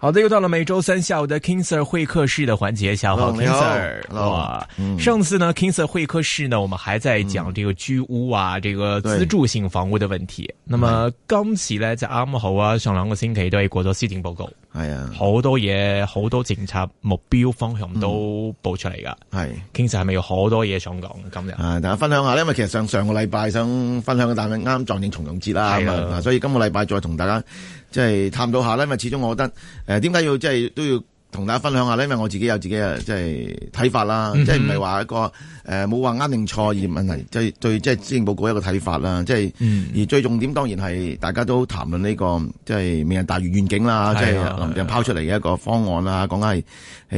好的，又到了每周三下午的 King Sir 會客室的環節，下午好，King Sir，hello, hello,、嗯、上次呢 King Sir 會客室呢，我們還在講這個居屋啊，這個資助性房屋的問題。咁麼今次呢，就啱好啊，上兩個星期都係過咗施政報告，係啊，好多嘢，好多政策目標方向都報出嚟噶。係 King Sir 係咪有好多嘢想講？今日大家分享下，因為其實上上個禮拜想分享嘅，但係啱啱撞正重陽節啦，所以今個禮拜再同大家。即係探討下咧，因為始終我覺得，誒、呃，點解要即係、就是、都要同大家分享一下咧？因為我自己有自己嘅即係睇法啦，即係唔係話一個誒，冇話啱定錯嘅問題，即、就、係、是、對即係施政報告一個睇法啦。即、就、係、是嗯，而最重點當然係大家都談論呢個，即、就、係、是、明日大嶼願景啦，即係、啊就是、林鄭拋出嚟嘅一個方案啦，講緊係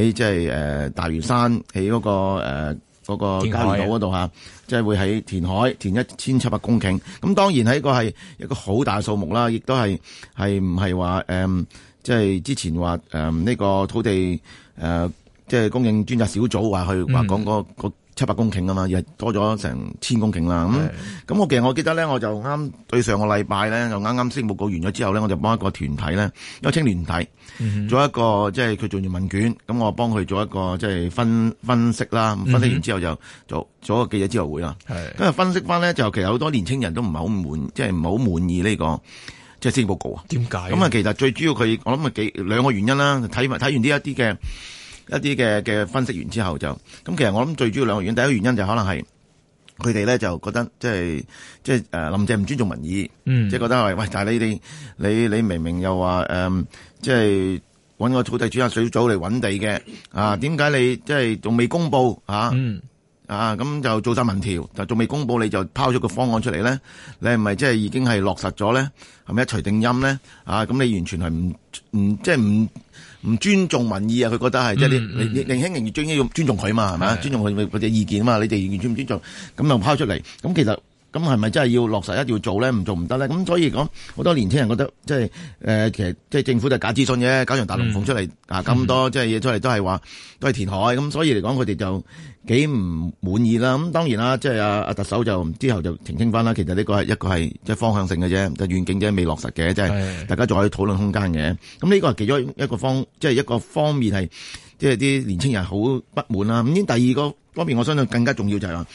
喺即係誒大嶼山喺嗰、那個誒嗰、呃那個加連島嗰度吓。即係會喺填海填一千七百公頃，咁當然係一個係一個好大數目啦，亦都係係唔係話誒，即、嗯、係、就是、之前話誒呢個土地誒，即、呃、係、就是、供應專責小組話去話講個。說說七百公頃啊嘛，亦多咗成千公頃啦。咁咁，我其實我記得咧，我就啱對上個禮拜咧，就啱啱施政報告完咗之後咧，我就幫一個團體咧，一個青年體做一個即係佢做完問卷，咁我幫佢做一個即係分分析啦。分析完之後就做做一個記者招待會啦。係，跟住分析翻咧，就其實好多年青人都唔係好滿，即係唔係好滿意呢個即係施政報告啊。點解？咁啊，其實最主要佢，我諗啊幾兩個原因啦。睇埋睇完呢一啲嘅。一啲嘅嘅分析完之後就咁，其實我諗最主要兩個原因，第一個原因就可能係佢哋咧就覺得即係即係誒林鄭唔尊重民意，嗯、即係覺得喂，但係你哋你你明明又話誒、嗯，即係揾個土地主阿水組嚟揾地嘅啊，點解你即係仲未公佈啊？嗯、啊咁就做晒民調，就仲未公佈你就拋咗個方案出嚟咧？你係咪即係已經係落實咗咧？係咪一錘定音咧？啊咁你完全係唔唔即係唔？唔尊重民意啊！佢覺得係即係你你年輕人越尊應要尊重佢嘛，係咪尊重佢佢意見啊嘛！你哋完全唔尊重，咁又拋出嚟咁，其實咁係咪真係要落實一定要做咧？唔做唔得咧！咁所以講好多年青人覺得即係誒、呃，其實即係政府就假資訊嘅搞場大龍鳳出嚟啊！咁、嗯、多即係嘢出嚟都係話都係填海咁，所以嚟講佢哋就。幾唔滿意啦，咁當然啦，即係阿阿特首就之後就澄清翻啦，其實呢個係一個係即係方向性嘅啫，就願景啫未落實嘅，即係大家仲可以討論空間嘅。咁呢個係其中一個方，即係一個方面係即係啲年青人好不滿啦。咁第二個方面，我相信更加重要就係話。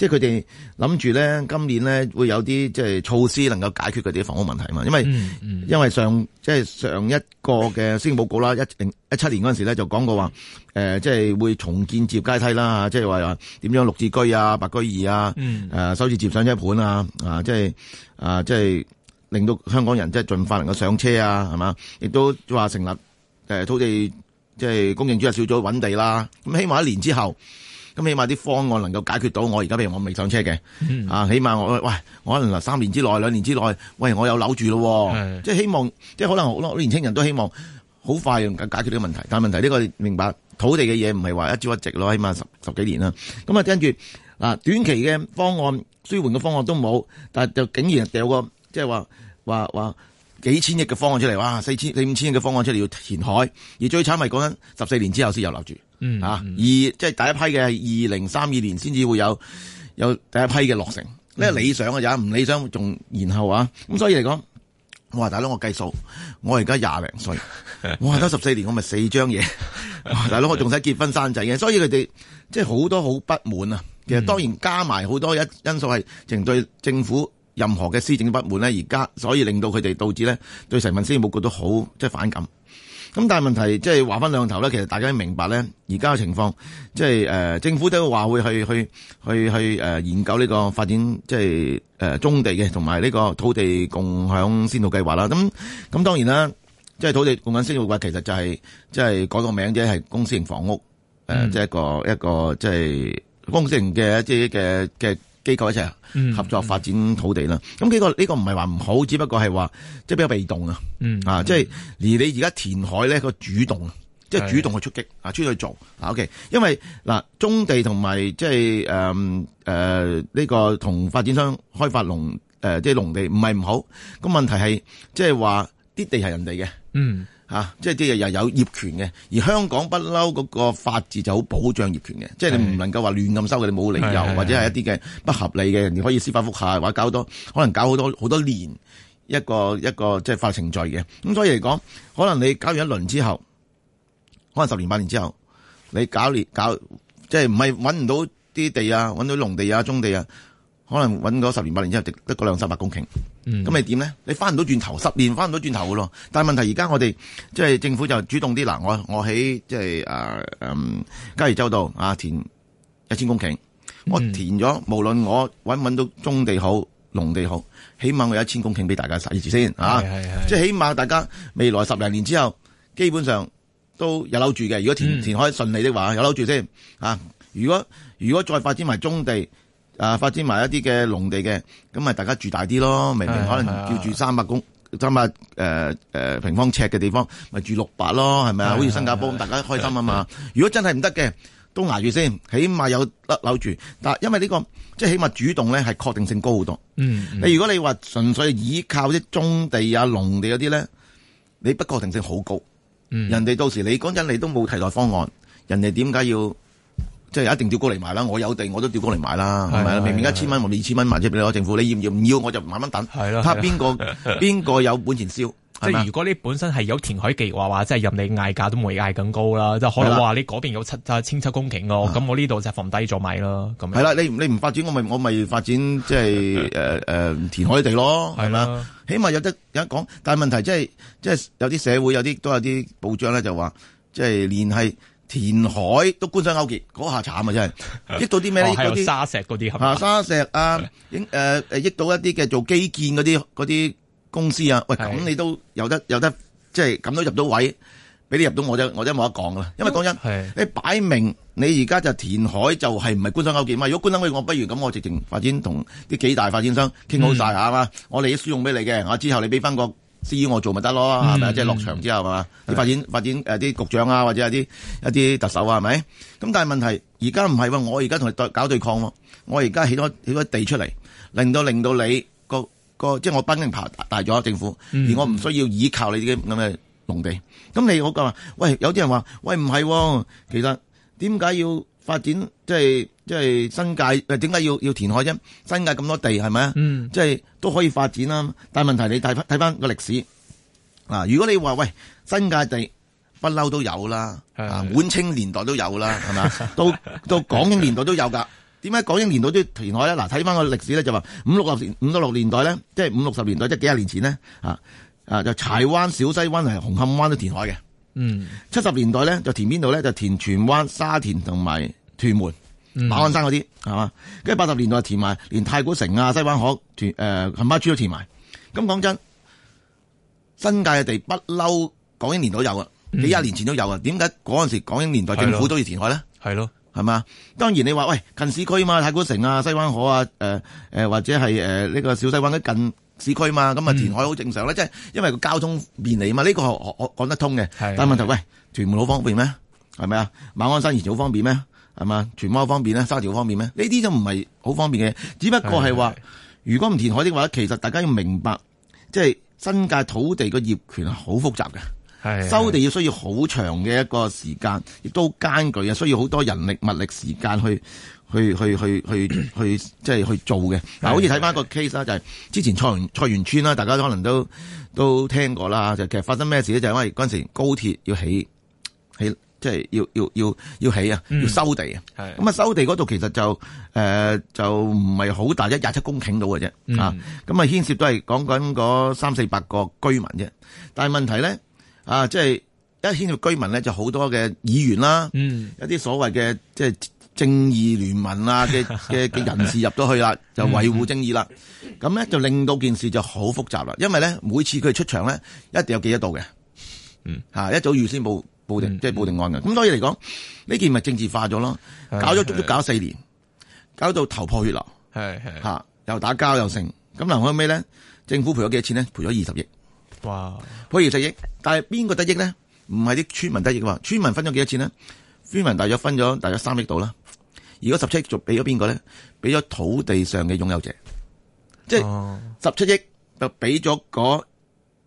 即係佢哋諗住咧，今年咧會有啲即係措施能夠解決佢哋嘅房屋問題嘛？因為因為上即係上一個嘅施政報告啦，二零一七年嗰陣時咧就講過話，誒即係會重建置業階梯啦，即係話點樣六字居啊、白居二啊，誒首次接上車盤啊，啊即係啊即係令到香港人即係儘快能夠上車啊，係嘛？亦都話成立誒土地即係供應主任小組揾地啦，咁希望一年之後。咁起碼啲方案能夠解決到我而家，譬如我未上車嘅，嗯、啊，起碼我喂，我可能嗱三年之內、兩年之內，喂，我有樓住咯，即係希望，即係可能好多年輕人都希望好快要解決呢個問題。但係問題呢、呢個明白土地嘅嘢唔係話一朝一夕咯，起碼十十幾年啦。咁啊聽住嗱短期嘅方案舒緩嘅方案都冇，但係就竟然掉個即係話話話。幾千億嘅方案出嚟，哇！四千、四五千億嘅方案出嚟要填海，而最慘係講緊十四年之後先有留住，嗯嗯，啊！而即係第一批嘅係二零三二年先至會有有第一批嘅落成，呢，嗯，個理想啊，而家唔理想，仲然後啊，咁，啊，所以嚟講，哇！大佬我計數，我而家廿零歲，哇！得十四年，我咪四張嘢，大佬我仲使結婚生仔嘅，所以佢哋即係好多好不滿啊！其實當然加埋好多一因素係成對政府，任何嘅施政不滿咧，而家所以令到佢哋導致咧對成文思業務覺得好，即係反感。咁但係問題即係話翻兩頭咧，其實大家都明白咧，而家嘅情況即係誒、呃、政府都話會去去去去誒、呃、研究呢個發展，即係誒棕地嘅同埋呢個土地共享先導計劃啦。咁咁當然啦，即係土地共享先導計劃其實就係即係改個名啫，係公私營房屋誒、呃嗯、即係一個一個即係公私營嘅一嘅嘅。機構一齊合作發展土地啦，咁、嗯、呢、嗯、個呢個唔係話唔好，只不過係話即係比較被動、嗯嗯、啊，啊即係而你而家填海咧個主動，即、就、係、是、主動去出擊啊、嗯，出去做、嗯啊，OK，因為嗱棕地同埋即係誒誒呢個同發展商開發農誒即係農地唔係唔好，咁問題係即係話啲地係人哋嘅。嗯啊、即係即係又有業權嘅，而香港不嬲嗰個法治就好保障業權嘅，即係你唔能夠話亂咁收嘅，你冇理由或者係一啲嘅不合理嘅，人哋可以司法覆核，或者搞多可能搞好多好多年一個一個，一個即係法律程序嘅。咁所以嚟講，可能你搞完一輪之後，可能十年八年之後，你搞你搞即係唔係揾唔到啲地啊，揾到農地啊、中地啊，可能揾咗十年八年之後，得嗰兩三百公頃。咁你點咧？你翻唔到轉頭，十年翻唔到轉頭嘅咯。但係問題而家我哋即係政府就主動啲嗱。我我喺即係誒、啊、嗯，交椅洲度啊填一千公頃，我填咗、嗯，無論我搵唔搵到棕地好、農地好，起碼我有一千公頃俾大家使住先啊。即係起碼大家未來十零年之後，基本上都有樓住嘅。如果填、嗯、填開順利的話，有樓住先啊。如果如果再發展埋棕地。啊！發展埋一啲嘅農地嘅，咁咪大家住大啲咯。明明可能要住三百公、三百、呃呃、平方尺嘅地方，咪住六百咯，係咪啊？好 似新加坡， 大家開心啊嘛。 如果真係唔得嘅，都捱住先，起碼有得扭住。但因為呢、這個即係、就是、起碼主動咧，係確定性高好多，嗯。嗯。你如果你話純粹依靠啲棕地啊、農地嗰啲咧，你不確定性好高。嗯。人哋到時你嗰陣你都冇替代方案，人哋點解要？即係一定調高嚟買啦，我有地我都調高嚟買啦，係咪、啊啊、明明一千蚊或、啊、二千蚊買啫，俾你攞政府，你要唔要？唔要我就慢慢等。係咯、啊。睇下邊個邊個有本錢燒。是啊是啊、是即係如果你本身係有填海計劃話，即係任你嗌價都唔會嗌咁高啦。即係可能話你嗰邊有七啊千七公頃咁、啊、我呢度就放低咗買咯。咁係啦，你你唔發展，我咪我咪發展即係誒誒填海地咯，係咪、啊啊啊啊啊、起碼有得有得講。但係問題即係即係有啲社會有啲都有啲報章咧，就話即係聯繫。填海都官商勾結，嗰下慘 那些 啊！真係，益到啲咩？嗰啲沙石嗰啲嚇，沙石啊，益到一啲嘅做基建嗰啲嗰啲公司啊，喂咁 你都有得有得，即係咁都入到位，俾你入到我啫我真係冇得講啦。因為講真， 你擺明你而家就填海就係唔係官商勾結嘛？如果官商勾結，我不如咁我直情發展同啲幾大發展商傾好晒嚇嘛，嗯、我哋輸用俾你嘅，我之後你俾翻個。私我做咪得咯，係咪即係落場之後啊嘛，啲發展發展誒啲局長啊，或者係啲一啲特首啊，係咪？咁但係問題而家唔係喎，我而家同你搞對抗喎，我而家起多起多地出嚟，令到令到你個個即係我兵齡排大咗政府，而我唔需要依靠你啲咁嘅農地。咁、嗯、你講話，喂，有啲人話，喂唔係、哦，其實點解要？發展即係即係新界，誒，點解要要填海啫？新界咁多地係咪啊？嗯，即係都可以發展啦。但係問題你睇翻睇翻個歷史，啊，如果你話喂新界地不嬲都有啦，啊，滿清年代都有啦，係嘛？ 到到港英年代都有噶。點 解港英年代都要填海咧？嗱，睇翻個歷史咧就話五六十年五六年代咧，即係五六十年代即係幾廿年前咧，啊啊就柴灣、小西灣係紅磡灣都填海嘅。嗯，七十年代咧就填邊度咧？就填荃灣、沙田同埋。屯門、馬鞍山嗰啲係嘛，跟住八十年代填埋，連太古城啊、西灣河屯誒、呃、冚巴珠都填埋。咁講真，新界嘅地不嬲，港英年代都有啊，幾廿年前都有啊。點解嗰陣時港英年代政府都要填海咧？係咯，係嘛？當然你話喂近市區嘛，太古城啊、西灣河啊、誒、呃呃、或者係誒呢個小西灣都近市區嘛，咁、嗯、啊、嗯、填海好正常咧。即係因為個交通便利啊嘛，呢、呢個我講得通嘅。但係問題喂屯門好方便咩？係咪啊？馬鞍山以前好方便咩？係嘛？全貓方便咧，沙條方便呢，呢啲就唔係好方便嘅，只不過係話，是是是如果唔填海的話，其實大家要明白，即係新界土地個業權係好複雜嘅，是是是收地要需要好長嘅一個時間，亦都艱巨啊，需要好多人力物力時間去去去去去去即係去、就係，去做嘅。嗱，好似睇翻個 case 啦，就係之前菜園菜園村啦，大家都可能都都聽過啦，就其實發生咩事咧？就係，因為嗰陣時高鐵要起起。即係要要要要起啊，要收地啊。咁、嗯、啊，收地嗰度其實就誒、呃、就唔係好大，一廿七公頃到嘅啫。啊，咁啊牽涉都係講緊嗰三四百個居民啫。但係問題咧啊，即、就、係、是、一牽涉居民咧，就好多嘅議員啦，嗯、一啲所謂嘅即係正義聯盟啊嘅嘅嘅人士入到去啦， 就維護正義啦。咁、嗯、咧就令到件事就好複雜啦，因為咧每次佢哋出場咧一定有記得到嘅。嗯、啊，一早預先報。報定即係報定案嘅，咁所以嚟講呢件咪政治化咗咯，搞咗足足搞四年，搞到頭破血流，係係吓又打交又成，咁南開咩咧，政府賠咗幾多錢咧？賠咗二十億，哇，賠二十億，但係邊個得益咧？唔係啲村民得益嘅嘛，村民分咗幾多錢咧？村民大約分咗大約三億度啦，而嗰十七億就俾咗邊個咧？俾咗土地上嘅擁有者，哦、即係十七億就俾咗嗰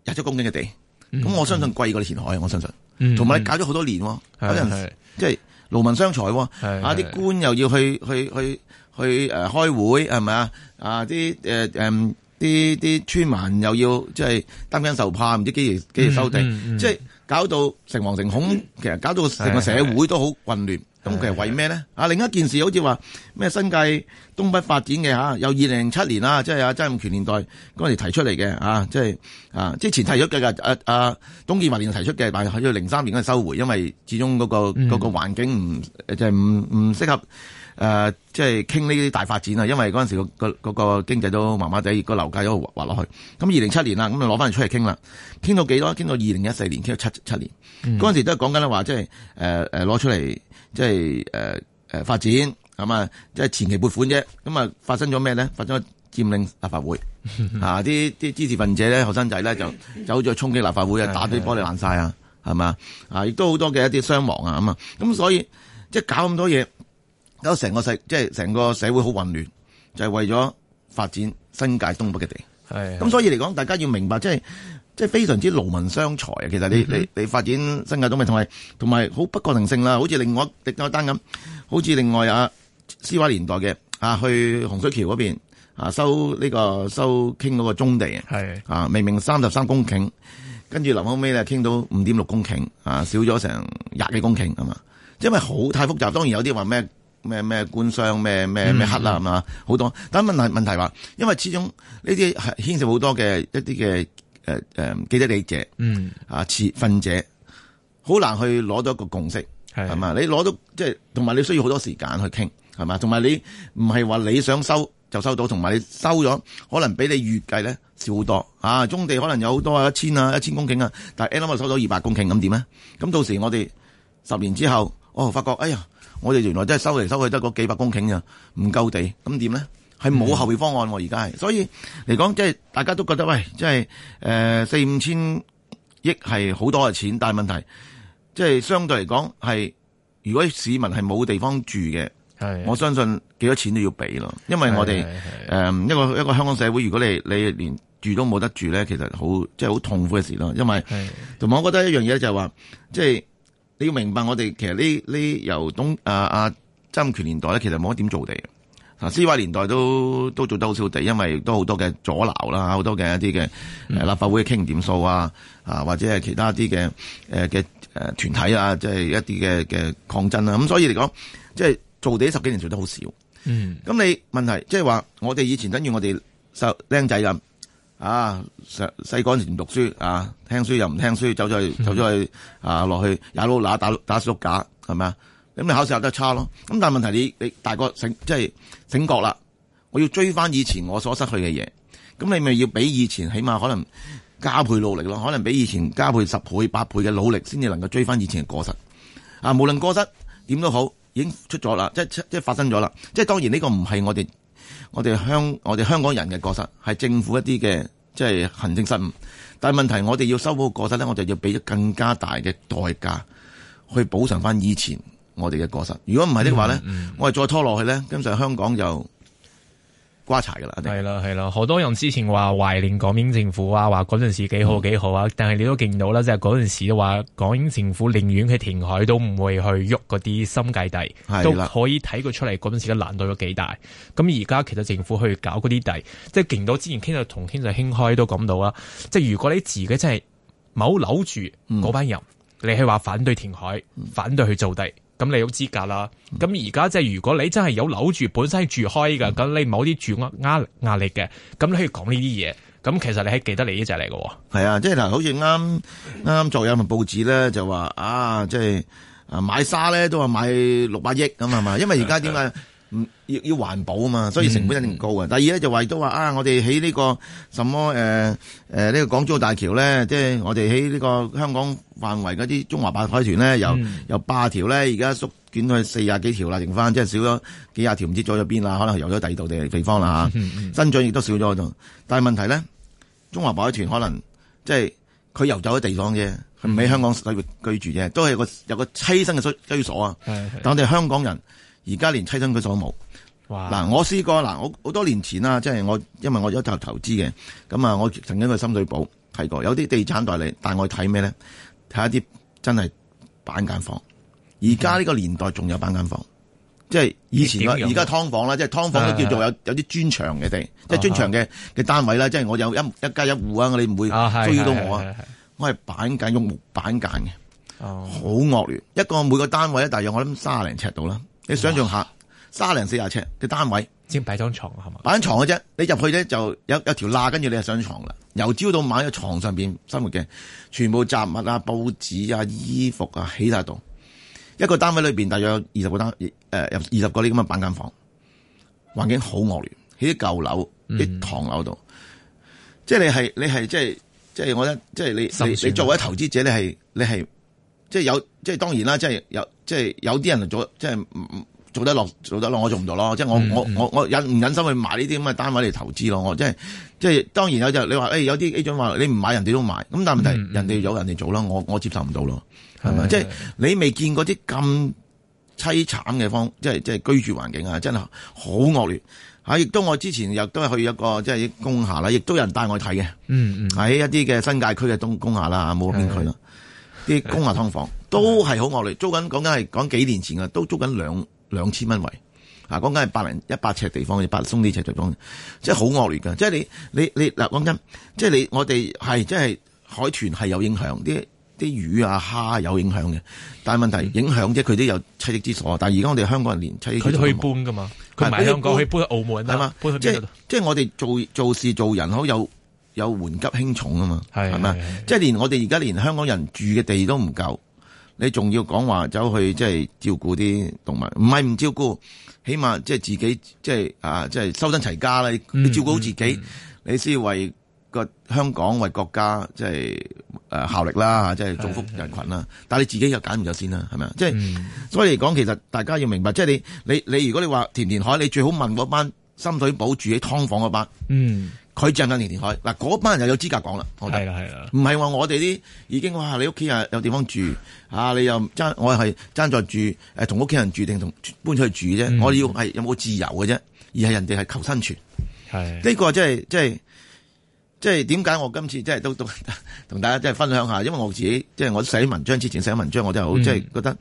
廿七公頃嘅地，咁、嗯、我相信貴過你前海，我相信。同、嗯、埋你搞咗好多年，嗰陣時即係勞民傷財，是是是啊啲官又要去去去去誒、呃、開會係咪啊？啊啲誒誒啲啲村民又要即係擔驚受怕，唔知幾時幾時收地，即、嗯、係、就是、搞到誠惶誠恐、嗯，其實搞到成個社會都好混亂。是是是是。咁其實為咩咧？啊，另一件事好似話咩新界東北發展嘅嚇，由二零零七年啦，即係啊，曾蔭權年代嗰陣時提出嚟嘅、就是、啊，即係啊之前提出嘅啊啊，董建華年提出嘅，但係喺咗零三年嗰時收回，因為始終嗰、嗰個嗯嗰個環境唔即係唔唔適合誒，即係傾呢啲大發展啊，因為嗰陣時、嗰個嗰、嗰個經濟都麻麻地，個樓價一度滑落去。咁二零七年啦，咁就攞翻出嚟傾啦，傾到幾多？傾到二零一四年，傾到七七年。嗰陣時都係講緊話，即係誒誒攞出嚟。即係誒誒發展咁啊！即係前期撥款啫，咁啊，發生咗咩咧？發生佔領立法會 啊！啲啲支持份子咧，學生仔咧就走咗去衝擊立法會啊， 打啲玻璃爛曬啊，係嘛啊！亦都好多嘅一啲傷亡啊，咁啊！咁所以即係搞咁多嘢，搞成個世，即係成個社會好混亂，就係、是、為咗發展新界東北嘅地。咁， 所以嚟講， 大家要明白即係。即係非常之勞民傷財啊！其實你你你發展新界東咪同埋同埋好不確定性啦。好似另，另外一單咁，好似另外啊，施華年代嘅啊，去洪水橋嗰邊啊，收呢、呢個收傾到個宗地啊，明明三十三公頃，跟住臨後尾咧傾到五點六公頃啊，少咗成廿幾公頃啊嘛。即因為好太複雜，當然有啲話咩咩咩官商咩咩咩黑啦、啊，嘛、嗯、好多。但問題話，因為始終呢啲係牽涉好多嘅一啲嘅。誒、呃、誒、呃，記得你者，嗯啊，持份者好難去攞到一個共識，係嘛？你攞到即係，同埋你需要好多時間去傾，係嘛？同埋你唔係話你想收就收到，同埋你收咗可能比你預計咧少好多啊！中地可能有好多啊，一千啊，一千公頃啊，但係 N 咁啊收到二百公頃，咁點咧？咁到時我哋十年之後，哦，發覺，哎呀，我哋原來真係收嚟收去得嗰幾百公頃啊，唔夠地，咁點咧？係冇後備方案喎、啊，而家係，所以嚟講，即係大家都覺得，喂，即係誒四五千億係好多嘅錢，但係問題即係相對嚟講係，如果市民係冇地方住嘅，的我相信幾多錢都要俾咯。因為我哋誒、呃、一個一個香港社會，如果你你連住都冇得住咧，其實好即係好痛苦嘅事咯。因為同埋，我覺得一樣嘢就係、是、話，即係你要明白我們，我哋其實呢呢由董啊啊曾蔭權年代咧，其實冇乜點造地。啊！思偉年代都都做得好少地，因為都好多嘅阻撓啦，好多嘅一啲嘅立法會嘅傾點數啊，啊、嗯、或者係其他一啲嘅嘅誒團體啊，即係一啲嘅嘅抗爭啊。咁所以嚟講，即係做地十幾年做得好少。嗯。咁你問題即係話，我哋以前等於我哋細僆仔咁啊，細個時唔讀書啊，聽書又唔聽書，走咗去走咗去啊落去打撈打打打碌架係咪啊？咁你考試又得差咯。咁但係問題你，你你大個醒即係、就是、醒覺啦。我要追翻以前我所失去嘅嘢，咁你咪要比以前，起碼可能加倍努力咯。可能比以前加倍十倍、八倍嘅努力，先至能夠追翻以前嘅過失啊。無論過失點都好，已經出咗啦，即即發生咗啦。即係當然呢個唔係我哋我哋香我哋香港人嘅過失，係政府一啲嘅即係行政失誤。但係問題，我哋要修補過失咧，我就要俾咗更加大嘅代價去補償翻以前。我哋嘅果實，如果唔係的話呢、嗯，我哋再拖落去呢。今上香港就瓜柴噶啦。係啦係啦，好、呃呃呃呃、多人之前話懷念港英政府啊，話嗰陣時幾好、嗯、幾好啊，但係你都見到啦，即係嗰陣時話港英政府寧願去填海，都唔會去喐嗰啲新界地、嗯，都可以睇佢出嚟嗰陣時嘅難度有幾大。咁而家其實政府去搞嗰啲地，即係見到之前傾到同傾就輕開都講到啦，即、就、係、是、如果你自己真係冇扭住嗰班人，嗯、你係話反對填海，嗯、反對去做地。咁你有資格啦。咁而家即係如果你真係有樓住，本身住開㗎，咁你冇啲住壓力嘅，咁你可以講呢啲嘢。咁其實你係記得你呢隻嚟嘅。係啊，即係嗱，好似啱啱作有份報紙咧、啊，就話啊，即係啊買沙咧都話買六百億咁係嘛，因為而家點解？ 要要環保啊嘛，所以成本一定高嘅，嗯。第二咧就為咗話啊，我哋喺呢個什麼誒誒，呃呃、這個、呢個港珠澳大橋咧，即、就、係、是、我哋喺呢個香港範圍嗰啲中華白海豚咧，由、嗯、由八條咧，而家縮減去四十幾條啦，剩翻即係少咗幾十條，唔知咗咗邊啦，可能游咗第二度地地方啦吓。增，啊、長亦都少咗，但係問題咧，中華白海豚可能即係佢游走喺地方嘅，佢唔喺香港居住居嘅，都係個有個棲身嘅居居所啊。但我哋香港人。而家連棲身居所都冇。嗱，我試過嗱，我好多年前啦，即係我因為我有一頭投資嘅，咁啊，我曾經去深水埗睇過，有啲地產代理，帶我睇咩咧？睇一啲真係板間房。而家呢個年代仲有板間房，嗯、即係以前而家劏房啦，即係劏房都叫做有有啲專長嘅地，即係專長嘅嘅、哦、單位啦。即係我有一一家一戶啊，你唔會騷擾到我啊。哦、我係板間用木板間嘅，好、哦、惡劣。一個每個單位咧，大約我諗卅零尺度啦。你想象下，三零四廿尺嘅單位，先擺張床係嘛？擺張床嘅啫，你入去咧就有條條罅，跟住你就上床啦。由朝到晚喺床上邊生活嘅，全部雜物啊、報紙啊、衣服啊起晒度。一個單位裏邊大約有二十個單，誒、呃，二十個呢咁嘅板間房，環境好惡劣，喺啲舊樓、啲唐樓度、嗯。即係你係你係即係即係，我覺得即係你你你作為一個投資者，你係你係。即係有，即係當然啦，即係有，即係有啲人做，即係做得落，做得落，我做唔到咯。即係我嗯嗯我我我，我忍唔忍心去買呢啲咁嘅單位嚟投資咯？我即係即，即當然有就你話，誒、欸、有啲 A 準話你唔買人哋都買，咁但係問題嗯嗯人哋有人哋做啦，我我接受唔到咯，係咪？即係你未見過啲咁凄慘嘅方，即係即係居住環境啊，真係好惡劣嚇！亦都我之前又都係去一個即係工廈啦，亦都有人帶我睇嘅，喺、嗯嗯、一啲嘅新界區嘅東工廈啦冇興趣啦。啲公屋劏房都係好惡劣，租緊講緊係講幾年前嘅，都租緊兩兩千蚊位，啊講緊係百零一百尺地方嘅百鬆啲尺地方，即係好惡劣㗎。即係你你你嗱講真，即係你我哋係即係海豚係有影響，啲啲魚啊蝦有影響嘅，但係問題影響即係佢都有棲息之所。但係而家我哋香港人連棲息，佢都可以搬㗎嘛，佢唔喺香港可以搬去搬去澳門啊嘛，搬去邊度？即係即係我哋做做事做人好有有緩急輕重啊嘛，係咪即係連我哋而家連香港人住嘅地都唔夠，你仲要講話走去即係照顧啲動物？唔係唔照顧，起碼即係自己即係啊，即係修身齊家啦。你照顧好自己，嗯嗯你先為個香港為國家即係、呃、效力啦，即係造福人群啦。是是是但你自己又揀唔到先啦，係咪啊？即、嗯、所以嚟講，其實大家要明白，即係你你你，你你如果你話填填海，你最好問嗰班深水埗住喺劏房嗰班。嗯。佢正緊連連開嗱，嗰班人又有資格講啦。係啦，係啦，唔係話我哋啲已經話、啊，你屋企有地方住啊，你又爭我係爭在住誒，同屋企人住定同搬出去住啫，嗯。我要係有冇自由嘅啫，而係人哋係求生存係呢個、這個、就是，即係即係即係點解我今次即係都都同大家即係分享下，因為我自己即係、就是、我寫文章之前寫文章，我真係好即係、嗯就是、覺得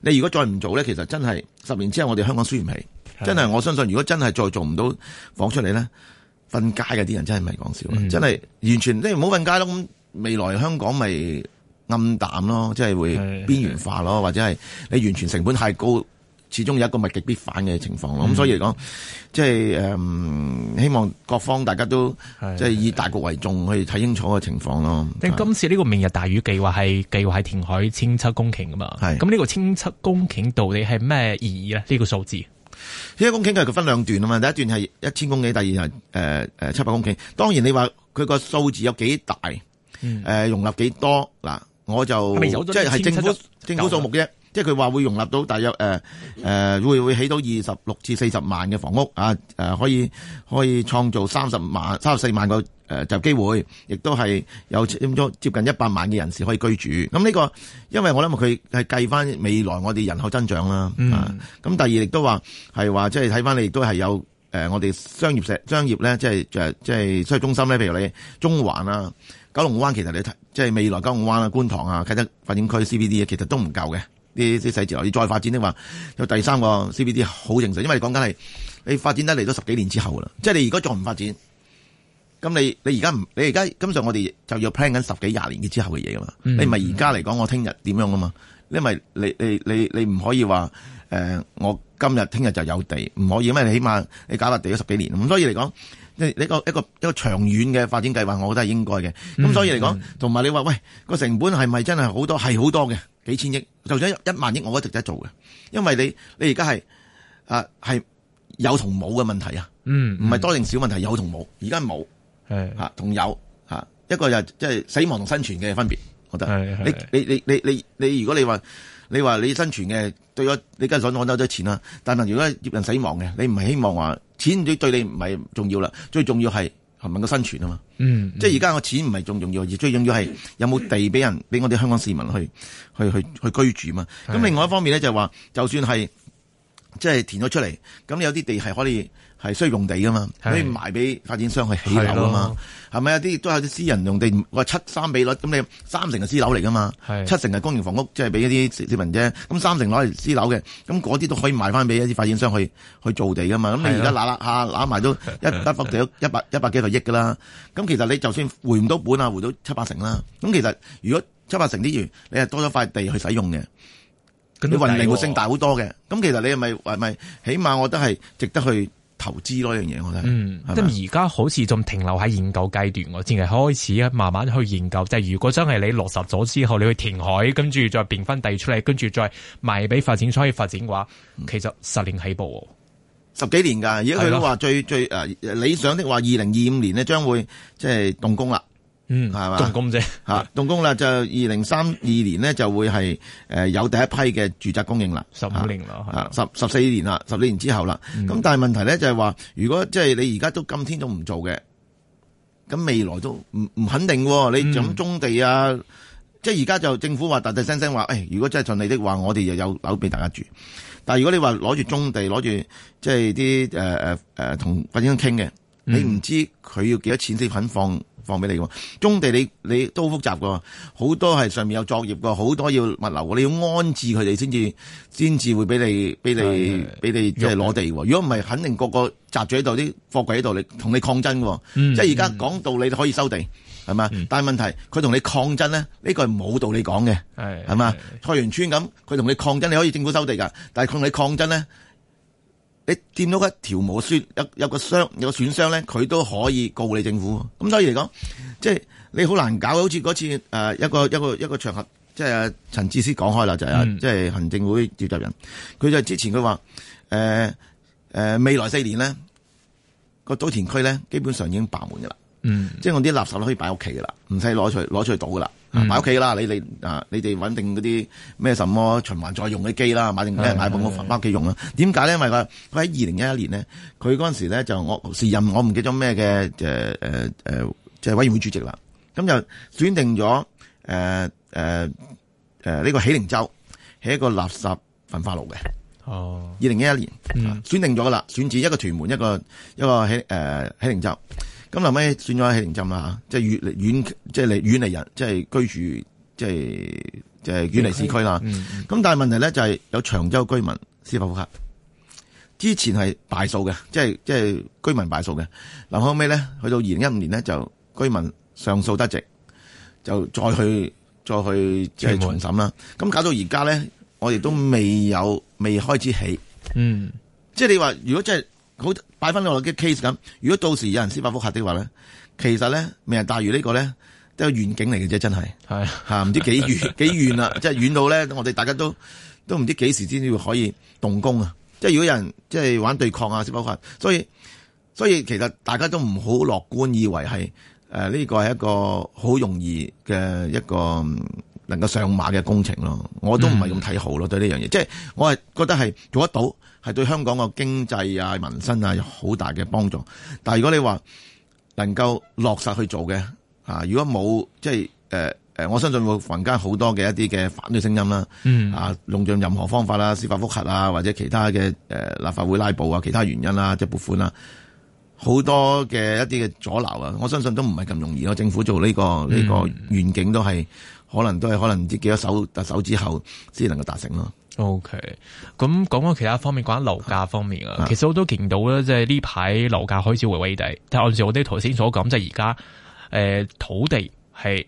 你如果再唔做咧，其實真係十年之後我哋香港輸唔起。真係，我相信如果真係再做唔到房出嚟咧。瞓街嘅啲人真係唔係講笑，嗯、真係完全即係唔好瞓街咯。咁未來香港咪暗淡咯，即、就、係、是、會邊緣化咯，或者係你完全成本太高，始終有一個物極必反嘅情況咯。咁、嗯、所以嚟講，即係誒，希望各方大家都即係、就是、以大局為重，可以睇清楚個情況咯、就是。今次呢個明日大嶼計劃係計劃喺填海千七公頃㗎嘛？咁呢個千七公頃到底係咩意義啊？呢、這個數字？呢一公頃嘅係佢分兩段啊嘛，第一段係一千公頃，第二係誒誒七百公頃。當然你話佢個數字有幾大，誒、嗯、容納幾多嗱，我就即係係政府政府數目啫。即係佢話會容納到大約誒會、呃呃、會起到二十六至四十萬嘅房屋啊、呃！可以可以創造三十萬三十四萬個誒、呃、就業機會，亦都係有咁多接近一百萬嘅人士可以居住。咁呢、這個因為我諗，佢係計翻未來我哋人口增長啦。咁、啊嗯、第二亦都話係話，即係睇翻你亦都係有誒、呃、我哋商業社商業咧，即係即係商業中心咧，譬如你中環啦、啊、九龍灣，其實你睇，即、就、係、是、未來九龍灣啊、觀塘啊、啟德發展區 C B D、啊、其實都唔夠嘅。啲細節落去再發展的話，有第三個 CBD 好正常，因為講緊係你發展得嚟咗十幾年之後啦。即係你如果再唔發展，咁你你而家唔你而家，今上我哋就要 plan 緊十幾廿年嘅之後嘅嘢啊嘛。你唔係而家嚟講我聽日點樣啊嘛？你為你你你你唔可以話誒、呃、我今日聽日就有地，唔可以因為你起碼你搞落地咗十幾年，咁所以嚟講。你你個一個一個，一個長遠嘅發展計劃，我覺得係應該嘅。咁、嗯、所以嚟講，同、嗯、埋你話喂個成本係咪真係好多？係好多嘅，幾千億，就算一萬億，我一直都值得做嘅。因為你你而家係啊係有同冇嘅問題啊，嗯，唔係多定少問題，嗯、有同冇，而家冇係吓同有吓，一個就即係死亡同生存嘅分別，我覺得你你你你你你，如果你話。你話你生存嘅，對咗，你而家想得咗多錢啦。但係如果業人死亡嘅，你唔係希望話錢對你唔係重要啦。最重要係係咪個生存啊嘛？嗯，嗯即係而家個錢唔係最重要，而最重要係有冇地俾人俾我哋香港市民去去去去居住嘛？咁另外一方面咧就係話，就算係即係填咗出嚟，咁你有啲地係可以。係需要用地噶嘛？可以賣俾發展商去起樓噶嘛？係咪有啲都係啲私人用地？我話七三比率咁，你三成係私樓嚟噶嘛？七成係公營房屋，即係俾一啲市民啫。咁三成攞嚟私樓嘅，咁嗰啲都可以賣翻俾一啲發展商去去造地噶嘛？咁你而家嗱嗱下攬埋都一一幅地一百一百幾十億噶啦。咁 其實你就算回唔到本啊，回到七八成啦。咁其實如果七八成之餘，你係多咗塊地去使用嘅，你運利性大好多嘅。咁其實你係咪係咪起碼我覺得係值得去？投資嗰樣嘢，我睇，嗯，即係而家好似仲停留喺研究階段，我淨係開始啊，慢慢去研究。就是，如果真係你落實咗之後，你去填海，跟住再變翻地出嚟，跟住再賣俾發展商去發展嘅話，其實十年起步，嗯嗯嗯嗯嗯、十幾年噶。而家佢都話了最最誒、uh, 理想的話，話二零二五年呢將會即係、就是、動工啦。嗯，係嘛？動工啫，吓動工啦，就二零三二年呢，就會係誒有第一批嘅住宅供應啦，十五年啦，十十四年啦，十四年之後啦。咁、嗯、但係問題咧就係話，如果即係你而家都今天都唔做嘅，咁未來都唔唔肯定。你咁棕地啊，嗯、即係而家就政府話大大聲聲話，誒、哎，如果真係順利的話，我哋又有樓俾大家住。但係如果你話攞住棕地，攞住即係啲誒誒誒同發展商傾嘅，你唔知佢要幾多錢先肯放。嗯放俾你嘅，中地你你都複雜嘅，好多係上面有作業嘅，好多要物流嘅，你要安置佢哋先至先至會俾你俾你俾你即係攞地。如果唔係，肯定個個集住喺度啲貨櫃喺度，你同你抗爭。嗯、即係而家講道理可以收地係嘛？嗯、但係問題佢同你抗爭咧，呢、呢個係冇道理講嘅係嘛？菜園村咁，佢同你抗爭，你可以政府收地㗎，但係佢同你抗爭咧。你掂到一條毛損，有一個傷，有一個傷，有個損傷咧，佢都可以告你政府。咁當然嚟講，即係你好難搞。好似嗰次，誒一個一個一個場合，即係陳智思講開啦，就係即係行政會召集人，佢就之前佢話，誒誒未來四年咧，個堆填區咧基本上已經爆滿噶啦，嗯即係我啲垃圾都可以擺喺屋企噶啦，唔使攞出攞出去倒噶啦。買屋企啦，你你啊，你哋穩定嗰啲咩什麼循環再用嘅機啦，買定買部個返屋企用啦。點解咧？因為佢佢喺二零一一年咧，佢嗰陣時咧就我時任我唔記得咩嘅誒誒誒，即、呃、係、呃就是、委員會主席啦。咁就選定咗誒誒誒呢個喜靈洲起一個垃圾焚化爐嘅。哦2011年，二零一一年選定咗噶啦，選址一個屯門一個一個、呃、州。喜靈洲。咁後尾算咗喺停針啦，即係越離遠，即係離遠離人，即係居住，即係即係遠離市區啦。咁、嗯嗯、但係問題咧就係、是、有長洲居民司法覆核，之前係敗訴嘅，即係即係居民敗訴嘅。嗱後尾咧，去到二零一五年呢就居民上訴得直，就再去再去即係重審啦。咁搞到而家咧，我哋都未有未開始起。嗯，即係你話如果真係。好擺翻落嚟嘅 case 咁，如果到時有人司法複核嘅話咧，其實咧，明日大嶼呢、這個咧，都係遠景嚟嘅啫，真係係吓唔知幾遠幾遠啦，遠 即係遠到咧，我哋大家都都唔知幾時先至會可以動工啊！即係如果有人即係玩對抗啊，司法複核，所以所以其實大家都唔好樂觀，以為係誒呢個係一個好容易嘅一個。能夠上馬嘅工程咯，我都唔係咁睇好咯，對呢樣嘢，即係我係覺得係做得到，係對香港個經濟啊、民生啊有好大嘅幫助。但係如果你話能夠落實去做嘅，啊，如果冇即係誒誒，我相信會民間好多嘅一啲嘅反對聲音啦，啊，用盡任何方法啦、司法覆核啊，或者其他嘅誒立法會拉布啊、其他原因啦、即係撥款啦，好多嘅一啲嘅阻撓啊，我相信都唔係咁容易咯。政府做呢個呢個願景都係。可能都係可能唔知幾多手，特首之後先能夠達成咯。O K，咁講講其他方面，講下樓價方面啊。其實我都見到咧，即係呢排樓價開始微微低。但按照我哋頭先所講，即係而家誒土地係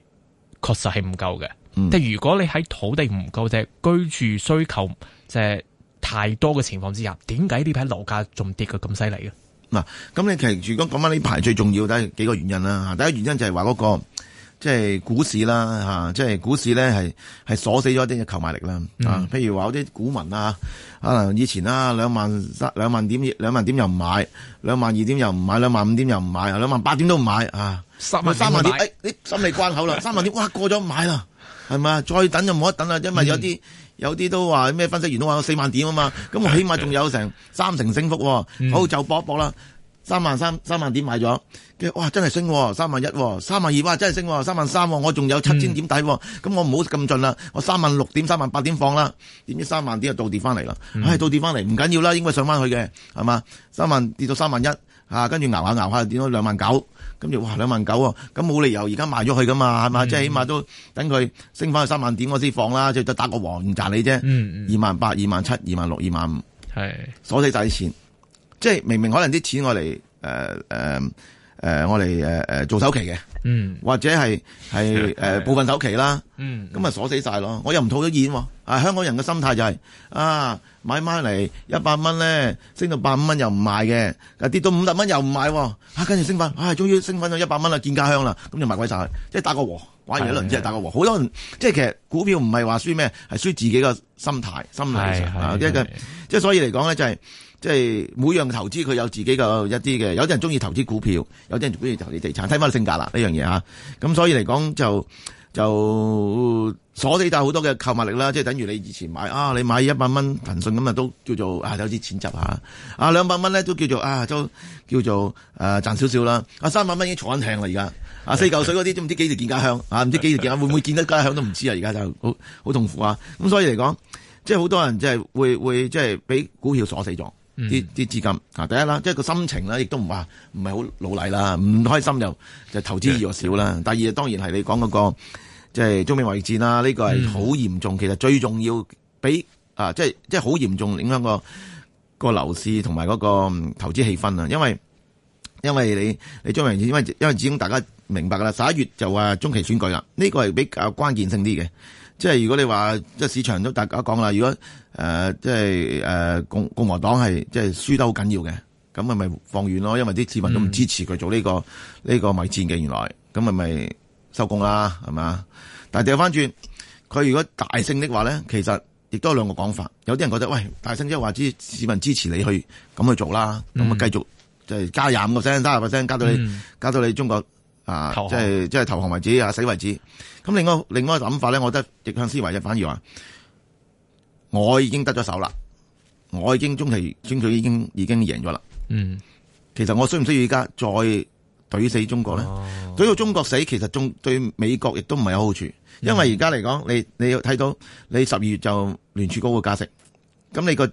確實係唔夠嘅。但如果你喺土地唔夠，即、就、係、是、居住需求即係太多嘅情況之下，點解呢排樓價仲跌到咁犀利嘅？嗱、啊，咁你其實如果講翻呢排最重要都係幾個原因啦、啊。第一個原因就係話嗰個。即係股市啦，吓！即係股市咧，係係鎖死咗一啲嘅購買力啦、嗯。啊，譬如話有啲股民啊，可、啊、能以前啦、啊，兩萬三、兩萬點、兩萬點又唔買，兩萬二點又唔買，兩萬五點又唔買，兩萬八點都唔買啊。三萬點，誒、哎哎，心理關口啦， 三萬點，哇，過咗唔買啦，係咪啊？再等就冇得等啦，因為有啲、嗯、有啲都話咩？分析員都話有四萬點啊嘛，咁我起碼仲有成三成升幅、哦，好就搏一搏啦。嗯。三萬三三萬點買咗，跟住哇真係升喎，三萬一，三萬二哇真係升喎，三萬三，我仲有七千點底，咁我唔好咁盡啦，我三萬六點三萬八點放啦，30，點知三萬點就倒跌翻嚟啦？唉、mm. 哎，倒跌翻嚟唔緊要啦，應該上翻去嘅係嘛？三萬跌到三萬一，跟住熬下熬下點到兩萬九，跟住哇兩萬九喎，咁冇、啊、理由而家賣咗去噶嘛係嘛？即係、mm. 起碼都等佢升翻去三萬點我先放啦，即係就打個王賺你啫，二萬八二萬七二萬六二萬五，鎖死仔錢。即係明明可能啲錢我嚟，誒誒誒我嚟，誒誒做首期嘅、嗯，或者係係誒部分首期啦，咁啊鎖死晒咯、嗯。我又唔套咗現喎。啊香港人嘅心態就係、是、啊買翻嚟一百蚊咧，升到百五蚊又唔賣嘅，跌到五十蚊又唔賣，吓跟住升翻，唉終於升翻到一百蚊啦，見家鄉啦，咁就賣鬼晒，即係打個和，玩完一輪啫，就是、打個和。好多人即係其實股票唔係話輸咩，係輸自己個心態、心理上即係即係所以嚟講咧就係、是。即係每樣投資佢有自己嘅一啲嘅，有啲人中意投資股票，有啲人中意投資地產，睇翻性格啦呢樣嘢啊。咁所以嚟講就就鎖死晒好多嘅購買力啦，即係等於你以前買啊，你買一百蚊騰訊咁啊都叫做啊有啲錢集下，啊兩百蚊咧都叫做啊都叫做誒賺少少啦，啊三百蚊已經坐緊艇啦而家，啊四嚿水嗰啲都唔知幾時見家鄉啊，唔知幾時見家鄉， 會唔會見得家鄉都唔知啊。而家就好好痛苦啊。咁所以嚟講，即係好多人即係會會即係俾股票鎖死咗。啲、嗯、啲資金啊，第一啦，即係個心情啦，亦都唔話唔係好努力啦，唔開心又就、就是、投資意欲少啦、嗯。第二，當然係你講嗰、那個即係、就是、中美貿易戰啦，呢、這個係好嚴重，其實最重要俾啊，即係即係好嚴重影響個個樓市同埋嗰個投資氣氛啊，因為因為你你中美因為因為始終大家明白㗎啦，十一月就話中期選舉啦，呢、這個係比較關鍵性啲嘅。即係如果你話即係市場都大家講啦，如果誒、呃、即係誒、呃、共共和黨係即係輸得好緊要嘅，咁咪咪放遠咯？因為啲市民都唔支持佢做呢、這個呢、這個米戰嘅，原來咁咪咪收工啦？係、嗯、嘛？但掉翻轉，佢如果大勝的話咧，其實亦都有兩個講法。有啲人覺得喂大勝即係話支市民支持你去咁去做啦，咁啊繼續即係加廿五個 percent、三十個 percent，加到你、嗯、加到你中國啊，即係即係投降、就是就是、為止啊死為止。咁另外另外一個諗法咧，我覺得逆向思維就反而話，我已經得咗手啦，我已經中期中佢已經已經贏咗啦。嗯，其實我需唔需要而家再懟死中國咧？懟、哦、到中國死，其實中對美國亦都唔係有好處，嗯、因為而家嚟講，你你睇到你十二月就聯儲局個加息，咁你個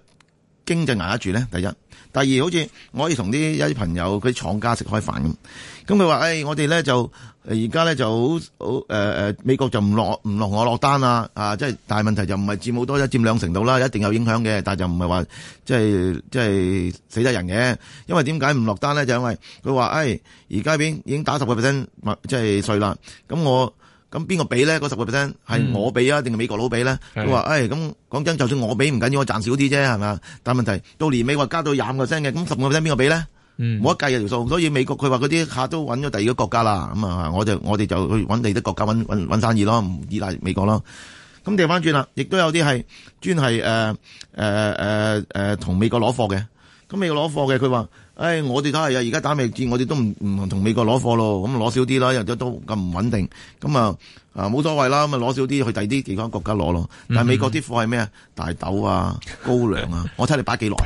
經濟捱得住咧？第一。第二，好似我可以同啲有啲朋友佢廠家食開飯咁，咁佢話：，我哋咧就而家咧就好好誒美國就唔落唔落我落單啦啊，即係，大問題就唔係佔好多，一佔，佔兩成度啦，一定有影響嘅，但係就唔係話即係即係死得人嘅，因為點解唔落單咧？就因為佢話：，誒、哎，而家邊已經打十個 percent，即係稅啦，咁、就是、我。咁邊個俾咧？嗰十個 percent 係我俾啊，定、嗯、係美國佬俾咧？佢、嗯、話：，誒，咁講、哎、真，就算我俾唔緊要，我賺少啲啫，係咪啊？但問題到年尾，我加到廿五個 percent 嘅，咁十個 percent 邊個俾咧？冇得計啊條數。所以美國佢話嗰啲客都揾咗第二個國家啦。咁啊，我就我哋就去揾其他國家揾揾揾生意咯，唔依賴美國咯。咁掉翻轉啦，亦都有啲係專係誒誒誒誒同美國攞貨嘅。咁美國攞貨嘅，佢話。誒、哎，我哋都睇下而家打貿易戰，我哋都唔唔同美國攞貨咯，咁攞少啲、啊、啦，又都咁唔穩定，咁啊啊冇所謂啦，咁咪攞少啲去第二啲地方國家攞咯。但係美國啲貨係咩啊？大豆啊、高粱啊，我睇你擺幾耐？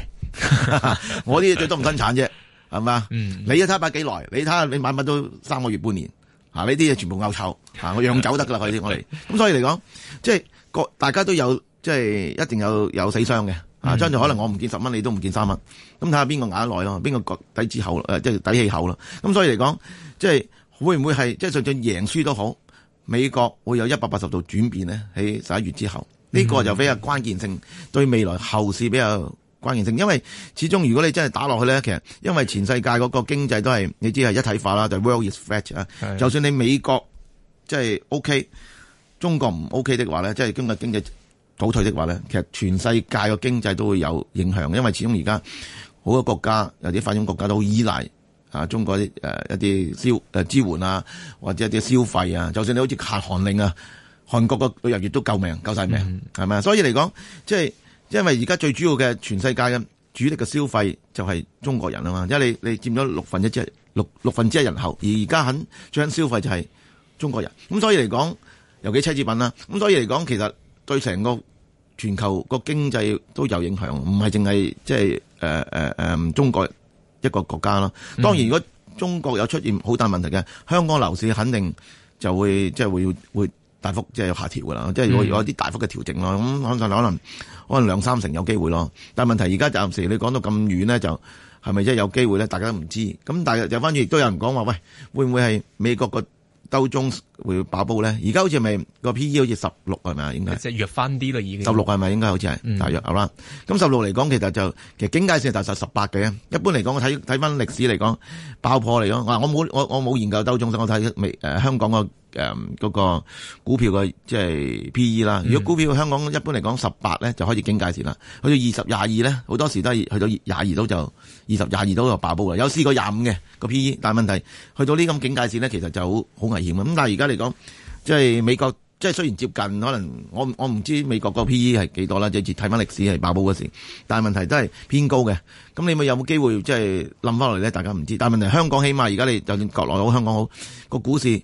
我啲嘢，最多唔生產啫，係嘛、嗯？你一睇擺幾耐？你睇下你買乜都三個月半年，吓呢啲嘢全部漚臭，吓、啊、我養走得噶啦佢哋我哋。咁 所以嚟講，即係個大家都有即係一定有有死傷嘅。啊，將就可能我唔見十蚊，你都唔見三蚊，咁睇下邊個捱得耐咯，邊個底之後、呃，即係底氣口咯。咁、啊、所以嚟講，即係會唔會係即係就算贏輸都好，美國會有一百八十度轉變呢。喺十一月之後，呢、這個就比較關鍵性、嗯、對未來後市比較關鍵性，因為始終如果你真係打落去呢，其實因為全世界嗰個經濟都係你知係一體化啦，就 World is Flat 啊。就算你美國即係 OK，中國唔 OK 的話呢，即係今日經濟，倒退的話咧，其實全世界嘅經濟都會有影響，因為始終而家好多國家，有啲發展國家都好依賴啊中國啲誒、呃、一啲消誒、呃、支援啊，或者一啲消費啊。就算你好似限韓令啊，韓國個旅遊業都救命救晒命，係咪，嗯？所以嚟講，即、就、係、是、因為而家最主要嘅全世界嘅主力嘅消費就係中國人啊嘛，因為你你佔咗六分之一六六分之一人口，而而家肯最緊消費就係中國人咁，所以嚟講，尤其奢侈品啦、啊，咁所以嚟講其實。對成個全球個經濟都有影響，唔係淨係即係誒誒誒中國一個國家囉。當然，如果中國有出現好大問題嘅，香港樓市肯定就會即係會會會大幅即係有下調㗎喇。即、嗯、係如果有啲大幅嘅調整囉，咁香港可能可能兩三成有機會囉。但問題而家暫時你講到咁遠呢，就係咪真係有機會呢？大家都唔知。咁但係又翻轉，亦都有人講話，喂，會唔會係美國個？兜中會爆煲咧，而家好似咪個 P/E 好似十六係咪啊？應該即係弱翻啲啦，已經十六係咪應該好似係，大約、嗯、好啦。咁十六嚟講，其實就其實警戒線就十十八嘅。一般嚟講，我睇睇翻歷史嚟講，爆破嚟講，我冇我我冇研究兜中，我睇誒、呃、香港、嗯那個誒嗰個股票嘅即係 P/E 啦。就是 /E, 如果股票香港一般嚟講十八咧，就開始警戒線啦。好似二十廿二咧，好多時都係去到廿二度就。二十廿二都又爆煲嘅，有試過廿五嘅個 P E，但係問題去到呢咁境界線咧，其實就好危險。咁但係而家嚟講，即係美國，即係雖然接近，可能我我唔知美國個 P E 係幾多啦，即係睇翻歷史係爆煲嗰時候，但係問題都係偏高嘅。咁你咪有冇機會即係諗翻落嚟咧？大家唔知，但係問題係香港起碼而家你就算國內好，香港好個股市，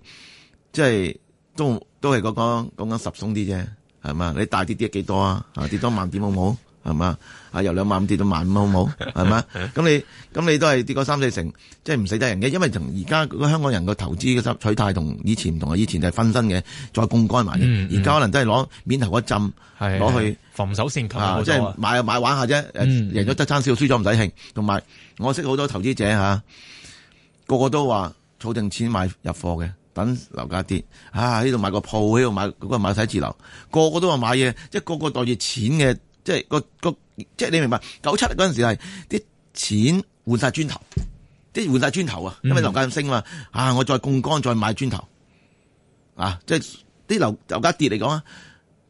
即係都都係嗰、嗰個講緊、嗰個、十鬆啲啫，係嘛？你大跌跌幾多啊？跌多萬點好唔好？係嘛？啊，由兩萬五跌到萬五，好唔好？係 嘛？咁你咁你都係跌個三四成，即係唔死得人嘅。因為從而家個香港人個投資嘅取態同以前唔同啊！以前就係分身嘅，再槓桿埋。而、嗯、家可能真係攞面頭嗰浸，針，攞去防守性，即係買啊買玩下啫。贏咗得餐笑，輸咗唔使慶。同埋我識好多投資者下個個都話儲定錢買入貨嘅，等樓價跌啊！喺度買個鋪，喺度買嗰個買寫字樓，個個都話買嘢，啊，即係個個袋住錢嘅。即係個個即係你明白九七嗰陣時係啲錢換晒磚頭，啲換晒磚頭、嗯、啊，因為樓價升嘛，啊我再槓桿再買磚頭，啊即係啲樓樓價跌嚟講啊，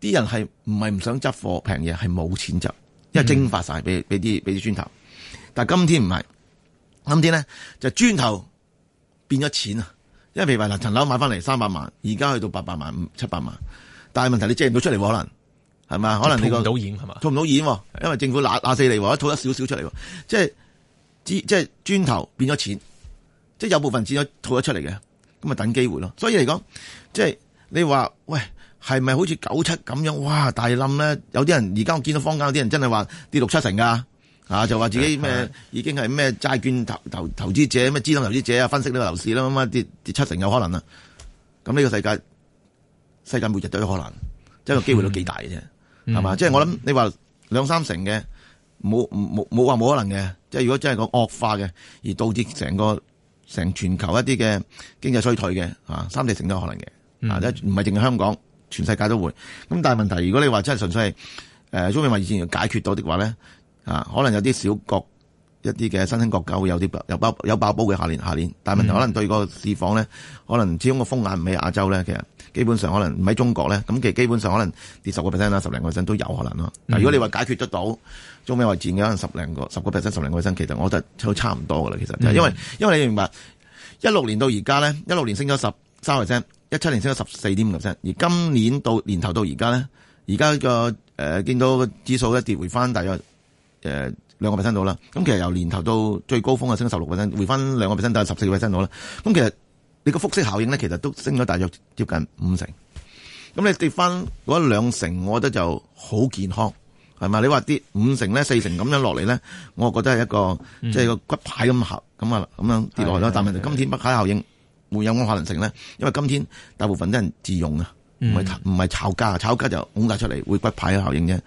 啲人係唔係唔想執貨平嘢，係冇錢執，因為蒸發晒俾俾啲俾啲磚頭，但係今天唔係，今天咧就磚頭變咗錢啊，因為譬如話嗱層樓買翻嚟三百萬，而家去到八百萬、七百萬，但係問題你借唔到出嚟可能。係嘛？可能你套唔到錢係嘛？套唔到錢，因為政府拿拿四厘喎，套得少少出嚟喎。即係，即係磚頭變咗錢，即係有部分錢都套得出嚟嘅。咁啊等機會咯。所以嚟講，即係你話喂，係咪好似九七咁樣？哇，大冧咧！有啲人而家我見到坊間有啲人真係話跌六七成噶，啊，啊就話自己咩已經係咩債券投投投資者咩資金投資者啊，分析呢個樓市啦，咁啊跌跌七成有可能啊。咁呢個世界世界末日都有可能，即係個機會都幾大嘅啫。嗯係嘛、就是？即係我諗，你話兩三成嘅，冇冇冇話冇可能嘅。即係如果真係個惡化嘅，而導致成個成全球一啲嘅經濟衰退嘅，啊，三四成都有可能嘅。啊、嗯，即係唔係淨係香港，全世界都會。咁但係問題，如果你話真係純粹係，誒、呃，中美貿易戰要解決到的話咧，啊，可能有啲小國一啲嘅新興國家會有啲有爆有爆煲嘅下年下年。但係問題、嗯、可能對個市況咧，可能始終個風眼唔喺亞洲咧，其實。基本上可能唔喺中國咧，咁其實基本上可能跌十個 percent 啦，十零個 percent 都有可能咯。但如果你話解決得到中美位置嘅，可能十零個十個 percent、十零個 percent，其實我覺得都差唔多噶啦。其實就係因為因為你明白一六年到而家咧，一六年升咗十三個 percent，一七年升咗十四點五個 percent，而今年到年頭到而家咧，而家個誒見到個指數一跌回翻大約誒兩個 percent 到啦。咁其實由年頭到最高峰啊，升咗十六個 percent，回翻兩個 percent 到十四個 percent 到啦。咁其實。你個複式效應咧，其實都升咗大約接近五成。咁你跌翻嗰兩成，我覺得就好健康，係咪？你話跌五成咧，四成咁樣落嚟咧，我覺得係一個、嗯、即係個骨牌咁效咁啊咁樣跌落去啦。但係，問題今天骨牌效應會有冇可能性咧？因為今天大部分都係人自用啊，唔係唔係炒家，炒家就㧬曬出嚟會骨牌嘅效應啫。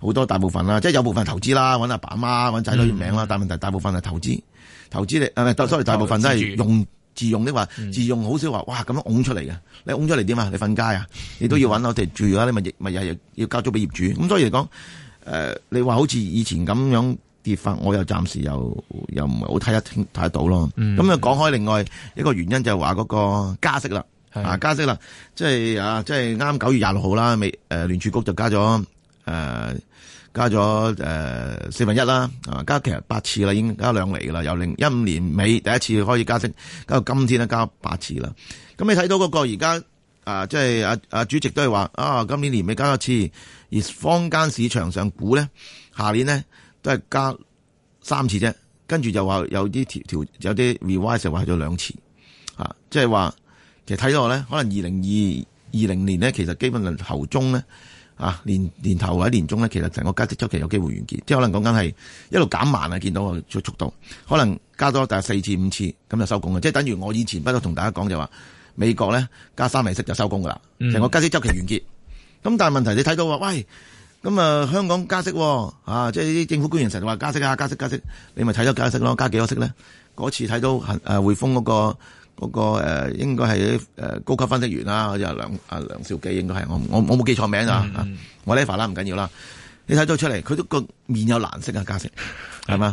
好多大部分啦，即係有部分投資啦，揾阿爸，爸媽，媽、揾仔女名啦、嗯。但係問題，大部分係投資，投資你誒 sorry 大部分都係用。自用啲話，自用好少話，哇咁樣拱出嚟嘅，你拱出嚟點啊？你瞓街啊？你都要搵我哋住啦，你咪咪日日要交租俾業主。咁所以嚟講，誒、呃，你話好似以前咁樣跌法，我又暫時又又唔係好睇得睇得到咯。咁、嗯、啊，講開另外一個原因就係話嗰個加息啦、啊，啊加息啦，即係啊即係啱九月廿六號啦，未？誒聯儲局就加咗誒。啊加咗誒、呃、四分一啦，啊加其實八次啦，已經加兩厘啦，由零一五年尾第一次開始加息，加到今天咧加八次啦。咁、嗯、你睇到嗰個而家、呃就是、啊，即係阿主席都係話啊，今年年尾加一次，而坊間市場上估咧，下年呢都係加三次啫。跟住就話有啲有啲 revise 就話咗兩次，啊，即係話其實睇到我咧，可能二零二二零年咧，其實基本上候中咧。啊，年年頭或者年中咧，其實成個加息周期有機會完結，即係可能講緊係一路減慢啊，見到個速速度，可能加多但四次五次咁就收工嘅，即係等於我以前不都同大家講就話，美國咧加三厘息就收工噶啦，成個加息周期完結。咁但係問題你睇到話，喂，咁啊、呃、香港加息，啊即係啲政府官員成日話加息啊，加息加息，你咪睇咗加息咯，加幾多息咧？嗰次睇到誒、呃、匯豐嗰、嗰個。嗰、那個誒、呃、應該係、呃、高級分析員啦，或者阿梁，阿梁兆基，應該係我我我冇記錯名、嗯、啊！我呢份啦唔緊要啦，你睇到出嚟佢都個面有藍色啊！加息係嘛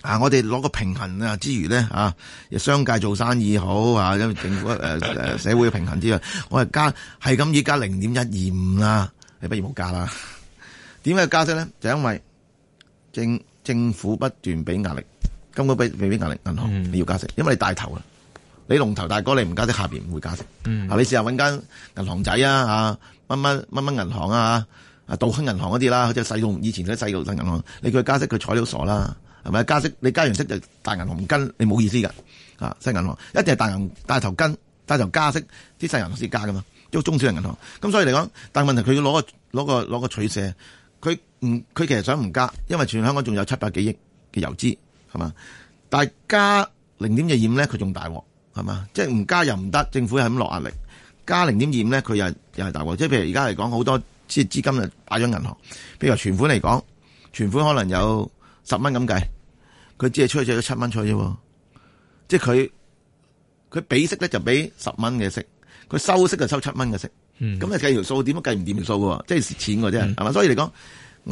啊！我哋攞個平衡啊之餘呢，啊商界做生意好啊，因為政府、啊、社會平衡之外， 我係加係咁，而家零點一二五啦，你不如冇加啦。點解加息呢？就因為政政府不斷俾壓力，根本俾俾俾壓力銀行你要加息，因為你帶頭啊。你龍頭大哥，你唔加息，下面唔會加息。啊、嗯，你試下揾間銀行仔啊，嚇，乜乜乜乜銀行啊，啊，道亨銀行嗰啲啦，即係細路以前嗰啲細路銀行，你叫佢加息佢睬你傻啦，係咪啊？加息你加完息就大銀行唔跟，你冇意思㗎啊！細銀行一定係大銀大頭跟，大頭加息，啲細銀行先加㗎嘛，即中小型銀行。咁、嗯、所以嚟講，但係問題佢要攞個攞個攞個取捨，佢唔佢其實想唔加，因為全香港仲有七百幾億嘅遊資係嘛，但係加零點二五咧，佢仲大鑊。係嘛？即係唔加又唔得，政府係咁落壓力。加零點二五咧，佢又又係大鑊。即係譬如而家嚟講，好多即係資金啊擺咗銀行。譬如話存款嚟講，存款可能有十蚊咁計，佢只係出去借咗七蚊出啫。即係佢佢俾息咧就俾十蚊嘅息，佢收息就收七蚊嘅息。咁你計條數點都計唔掂條數喎，即係蝕錢嘅啫。係、嗯、嘛？所以嚟講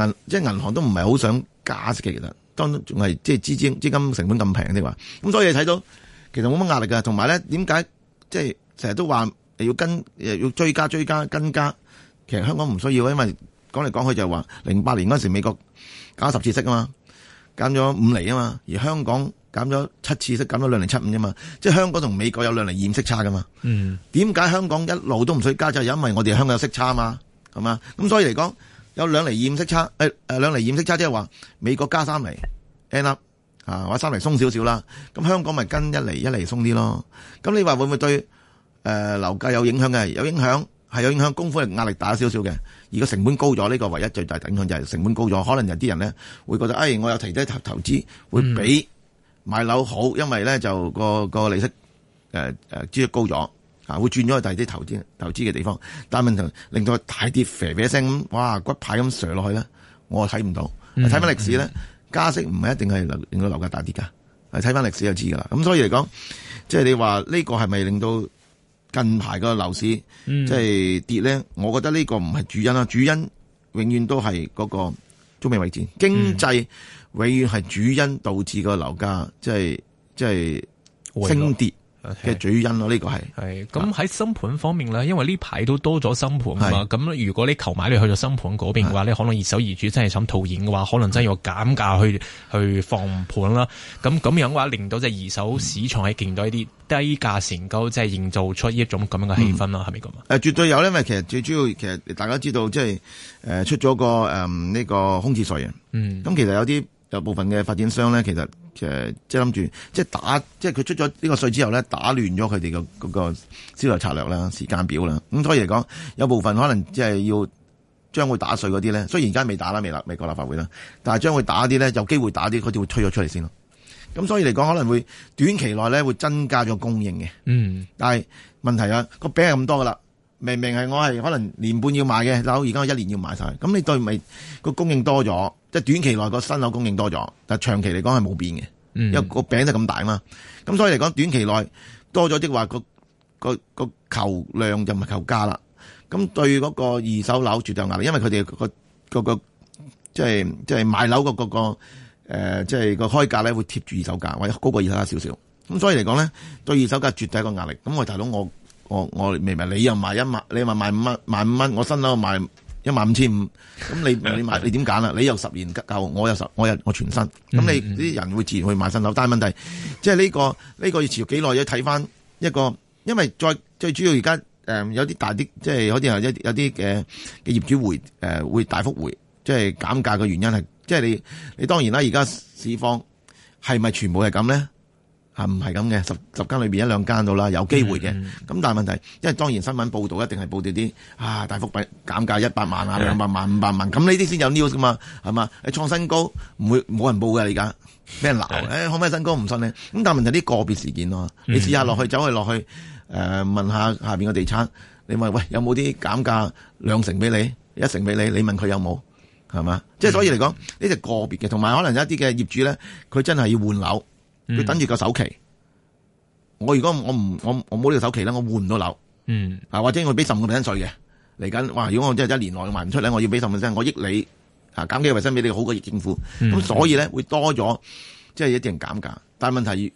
銀即係銀行都唔係好想加息嘅，其實當仲係即係資金成本咁平嘅話，咁所以你睇到。其實冇乜壓力噶同埋咧，點解即係成日都話要跟，誒要追加追加跟加？其實香港唔需要，因為講嚟講去就係話零八年嗰時美國減十次息啊嘛，減咗五厘啊嘛，而香港減咗七次息，減咗兩厘七五啫嘛，即係香港同美國有兩厘二厘息差噶嘛。嗯。點解香港一路都唔需加？就係因為我哋香港有息差嘛，係嘛？咁所以嚟講，有兩厘二厘息差，誒、哎、誒，兩厘二厘息差即係話美國加三厘 end up。啊，話三釐鬆少少啦，咁香港咪跟一釐一釐鬆啲咯。咁你話會唔會對誒、呃、樓價有影響嘅？有影響係有影響，供款係壓力大少少嘅。而個成本高咗，呢、這個唯一最大影響就係成本高咗，可能有啲人咧會覺得，誒、哎、我有提低投投資會比買樓好，因為咧就個個利息誒誒支高咗，啊會轉咗去第二啲投資投資嘅地方。但問題令到佢大跌，肥肥聲咁，哇骨牌咁錘落去咧，我睇唔到。睇翻歷史咧。啊嗯嗯加息唔係一定係令到樓價大跌噶，係睇翻歷史就知噶啦。咁所以嚟講，即係你話呢個係咪令到近排個樓市即係跌咧、嗯？我覺得呢個唔係主因啦，主因永遠都係嗰、那個中美位置經濟，永遠係主因導致個樓價即係即係升跌。嘅、okay。主因咯、啊，呢個係係咁喺新盤方面呢，因為呢排都多咗新盤啊嘛。咁如果你購買你去到新盤嗰邊嘅話，你可能二手業主真係想套現嘅話，可能真係要減價去去放盤啦。咁咁樣嘅話，令到即係二手市場係見到一啲低價成交，嗯，即係營造出呢一種咁樣嘅氣氛咯，係咪咁啊？誒、呃，絕對有呢，因為其實最主要，其實大家知道即係誒出咗個誒呢、嗯這個空置稅啊。嗯。咁其實有啲有部分嘅發展商呢，其實。誒，即係諗住，即係打，即係佢出咗呢個稅之後咧，打亂咗佢哋個嗰個銷售策略啦、時間表啦。咁所以嚟講，有部分可能即係要將會打稅嗰啲咧，雖然而家未打啦，未立美國立，立法會啦，但係將會打啲咧，有機會打啲，嗰啲會推咗出嚟先咯。咁所以嚟講，可能會短期內咧會增加咗供應嘅。嗯，但係問題啊，個餅係咁多噶啦，明明係我係可能年半要買嘅，嗱，而家我一年要買晒，咁你對咪、嗰個供應多咗？即係短期內個新樓供應多咗，但係長期嚟講係冇變嘅，因為個餅就咁大嘛。咁所以嚟講，短期內多咗，即係話個個個求量就唔係求價啦。咁對嗰個二手樓絕對有壓力，因為佢哋個個個即係即係賣樓個個個誒即係個開價咧會貼住二手價，或者高過二手價少少。咁所以嚟講呢，對二手價絕對係一個壓力。咁我大佬，我我我明明你又賣一萬，你又賣萬五蚊，萬五蚊，我新樓賣。一萬五千五，咁你你買你點揀啦？你有十年夠，我有十我有我全新，咁你啲人會自然去買新樓。但係問題，即係呢個呢個要持續幾耐，要睇翻一個，因為再最主要而家誒有啲大啲，即係好似有有啲嘅嘅業主回誒會大幅回，即係減價嘅原因係，即係你你當然啦，而家市況係咪全部係咁咧？係唔係咁嘅？十十間裏邊一兩間到啦，有機會嘅。咁、嗯嗯、但係問題，因為當然新聞報道一定係報道啲啊大幅比減價一百萬啊兩百萬五百萬，咁呢啲先有 news 噶嘛，係嘛、欸？創新高唔會冇人報㗎你而家，俾人鬧。誒、嗯欸、可唔可以新高唔信你？咁但係問題啲個別事件咯、嗯。你試下落去走下去落去誒、呃，問下下面個地產，你問喂有冇啲減價兩成俾你一成俾你？你問佢有冇係嘛？即係、嗯、所以嚟講呢只個個別嘅，同埋可能有一啲嘅業主咧，佢真係要換樓。佢、嗯、等住個首期，我如果我唔我我冇呢個首期咧，我換唔到樓、嗯，啊或者我俾十五個 percent 稅嘅嚟緊，哇！如果我真係一年內賣唔出咧，我要俾十五 percent 我益、啊、你啊減幾個 percent 俾你，好過益政府。咁、嗯、所以咧會多咗，即係一啲人減價。但係問題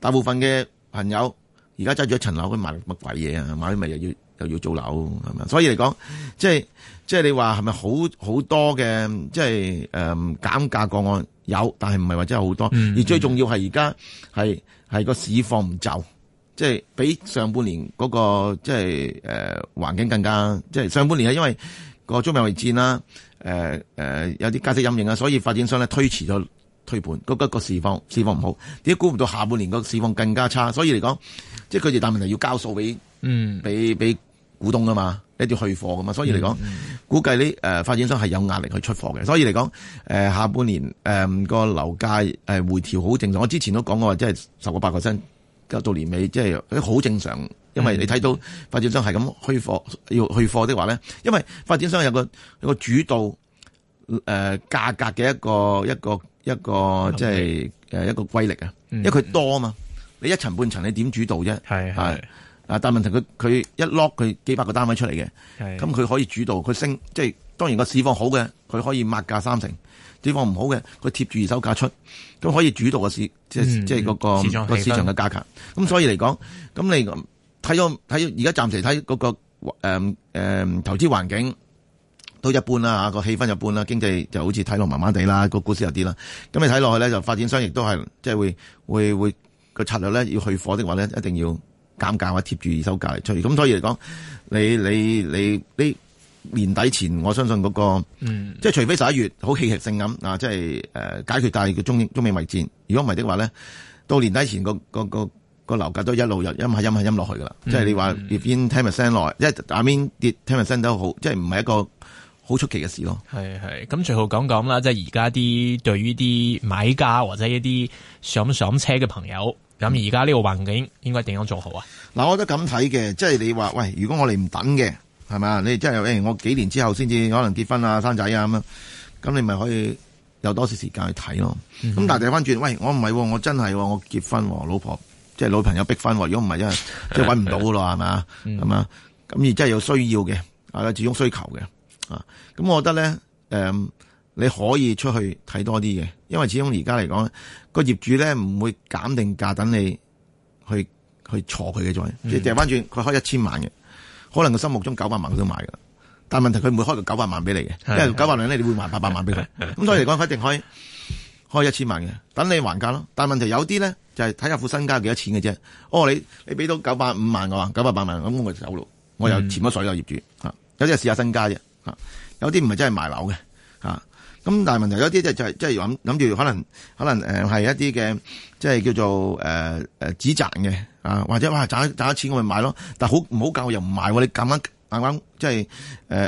大部分嘅朋友而家揸住一層樓，佢賣乜鬼嘢啊？買咪又要又要租樓係咪？所以嚟講，即係。即係你話係咪好好多嘅？即係誒，減、呃、價個案有，但係唔係話真係好多、嗯嗯。而最重要係而家係係個市況唔就，即係比上半年嗰、那個即係誒環境更加。即係上半年係因為個中美貿易戰啦，誒、呃、誒、呃、有啲加息陰影啊，所以發展商咧推遲咗推盤，嗰個個市況市況唔好。點解估唔到下半年個市況更加差，所以嚟講，即係佢哋大問題要交數俾嗯，俾俾股東㗎嘛，一定要去貨噶嘛，所以嚟講。嗯嗯嗯估計呢誒發展商係有壓力去出貨嘅，所以嚟講，誒、呃、下半年誒個樓價誒回調好正常。我之前都講過，即係十個八個升，到年尾即係好正常，因為你睇到發展商係咁去貨，要去貨的話咧，因為發展商有個有個主導誒價、呃、格嘅一個一個一個即係、呃、一個威力啊，因為佢多啊嘛，你一層半層你點主導啫？係。啊！但問題佢，佢佢一 lock 佢幾百個單位出嚟嘅，咁佢可以主導佢升。即係當然個市況好嘅，佢可以抹價三成；市況唔好嘅，佢貼住二手價出，咁可以主導個市，嗯、即係即係嗰個市場嘅價格。咁所以嚟講，咁你睇咗睇，而家暫時睇嗰、嗰個誒、嗯嗯嗯、投資環境都一般啦。個個氣氛一般啦，經濟就好似睇落麻麻地啦。個股市又跌啦，咁你睇落去咧就發展商亦都係即係會會會個策略咧，要去貨的話咧，一定要。減價或者貼住二手價嚟出，咁 cominculated、mm、所以嚟講，你你你呢年底前，我相信嗰、嗰個，即 ação 係除非十一月好戲劇性咁啊，即係誒解決，大陸嘅中中美貿易戰。如果唔係的話咧，到年底前個個個個樓價都一路入陰下陰下陰落去㗎啦。即係你話跌翻聽日升內，因為下面跌聽日升都好，即係唔係一個好出奇嘅事咯。係係，咁最後講講啦，即係而家啲對於啲買家或者一啲想上車嘅朋友。咁而家呢個環境應該點樣做好啊？嗱、嗯，我覺得咁睇嘅，即係你話喂，如果我哋唔等嘅，係咪？你即係誒，我幾年之後先至可能結婚啊、生仔啊咁樣，咁你咪可以有多少時間去睇咯？咁、嗯、但係睇翻轉，喂，我唔係、哦，我真係、哦、我結婚、哦，老婆即係女朋友逼婚喎、哦，如果唔係，因為即係搵唔到咯，係、嗯、咪？咁啊，咁而即係有需要嘅，啊，始終需求嘅，啊，咁我覺得咧，誒、嗯，你可以出去睇多啲嘅，因為始終而家嚟講。個業主咧唔會減定價等你去去錯佢嘅狀，你掉翻轉佢開一千萬嘅，可能佢心目中九百萬都買買嘅，但係問題佢唔會開個九百萬俾你嘅，因為九百萬咧你會還八百萬俾佢，咁所以嚟講，佢一定開開一千萬嘅，等你還價咯。但係問題有啲咧就係睇下副身家幾多錢嘅啫。哦，你你俾到九百五萬嘅話，九百八萬咁我就走咯，我又潛咗水有業主。吓，有啲係試下身家啫，吓，有啲唔係真係賣樓嘅。咁但係問題有啲即係即係諗住可能可能係一啲嘅即係叫做誒誒止賺嘅啊，或者哇賺咗錢我咪買咯，但係好唔好價我又唔賣喎，你、呃嗯、減翻減即係誒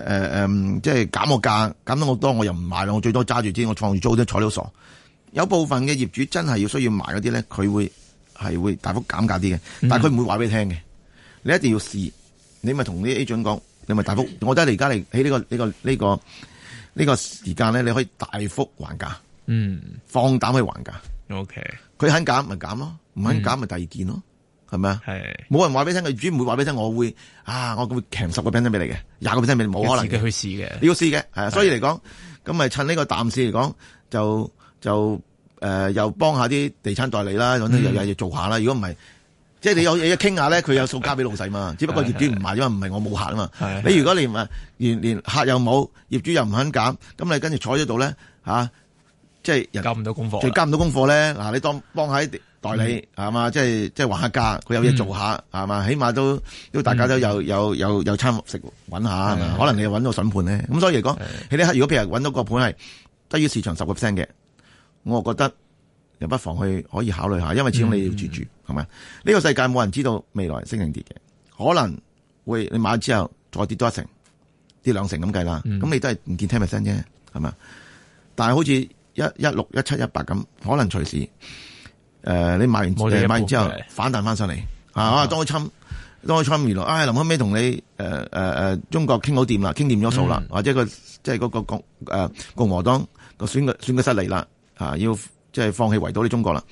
誒即係減個價減得我多，多我又唔賣咯，我最多揸住啲我創住租都坐到傻。有部分嘅業主真係要需要賣嗰啲咧，佢會係會，會大幅減價啲嘅，但係佢唔會話俾你聽嘅、嗯。你一定要試，你咪同啲 agent 講，你咪大幅。我覺得而家嚟喺呢個呢個呢個。這個這個呢個時間咧，你可以大幅還價，嗯，放膽去還價。OK，佢肯減咪減咯，唔肯減咪第二件咯，係咪啊？係嗎，冇是人話俾你聽，佢主要唔會話俾你聽，我會啊，我會平十個 percent 俾你嘅，廿個 percent 俾你，冇可能嘅，去試嘅，你要試嘅，係，所以嚟講，咁咪的、嗯、趁呢個淡市嚟講，就就誒、呃，又幫下啲地產代理啦，總之又又有嘢做下啦，如果唔係。 即係你有嘢傾下咧，佢有數交俾老細嘛？只不過業主唔賣， 因為唔係我冇客啊嘛。 你如果你唔係連連客又冇，業主又唔肯減，咁你跟住坐喺度咧，吓、啊，即係交唔到功課，仲交唔到功課咧。嗱，你當幫下代理係嘛、嗯，即係即係還下價，佢有嘢做下係嘛，起碼都都大家都有有有有餐食揾下係嘛。 可能你揾到個筍盤咧，咁 所以嚟如講， 如果譬如揾到個盤係低於市場十個 percent 嘅，我覺得。又不妨去可以考慮下，因為始終你要住住係咪？呢、嗯呢個世界冇人知道未來升定跌嘅，可能會你買咗之後再跌多一成、跌兩成咁計啦。咁、嗯、你都係唔見10%啫，係嘛？但係好似一一六一七一八咁，可能隨時誒、呃，你買完買完之後反彈翻上嚟啊。當初侵當初侵完落，唉、哎，臨屘尾同你誒、呃呃、中國傾好掂啦，傾掂咗數啦、嗯，或者即個即係嗰個共共和黨個選舉選舉失利啦，啊要。即、就、係、是、放棄圍堵你中國啦，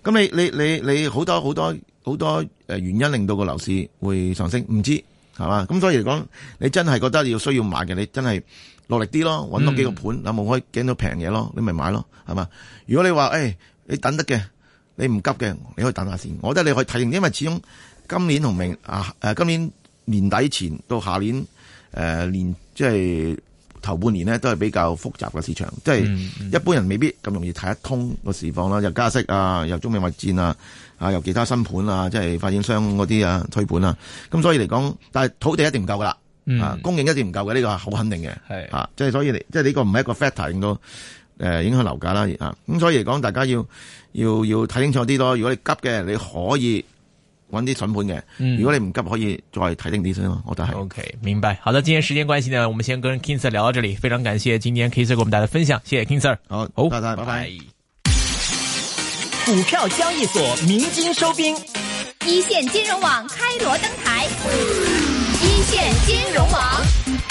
咁你你你你好多好多好多原因令到個樓市會上升，唔知係嘛？咁所以嚟講，你真係覺得要需要買嘅，你真係落力啲咯，搵多幾個盤，咁、嗯、冇可以揀到平嘢咯，你咪買咯，係嘛？如果你話誒，你等得嘅，你唔急嘅，你可以等，可以等下先。我覺得你可以睇，因為始終今年同明啊，啊今年年底前到下年、啊、年即係。就是頭半年咧都係比較複雜嘅市場，即係一般人未必咁容易睇得通個市況啦。又加息啊，又中美貿易戰啊，啊，又其他新盤啊，即係發展商嗰啲啊推盤啊。咁所以嚟講，但係土地一定唔夠噶啦，嗯、供應一定唔夠嘅呢、這個係好肯定嘅，係啊，即係所以嚟即係呢個唔係一個 factor 令到影響樓價啦。啊，咁所以嚟講，大家要要要睇清楚啲囉。如果你急嘅，你可以。揾啲筍盤嘅，如果你唔急，可以再睇定啲先咯。我就係。OK，明白。好的，今天時間關係呢，我們先跟 King Sir 聊到這裡，非常感謝今天 King Sir 給我們大家分享，謝謝 King Sir。好，好拜拜，拜拜。股票交易所明金收兵，一線金融網開鑼登台，一線金融網。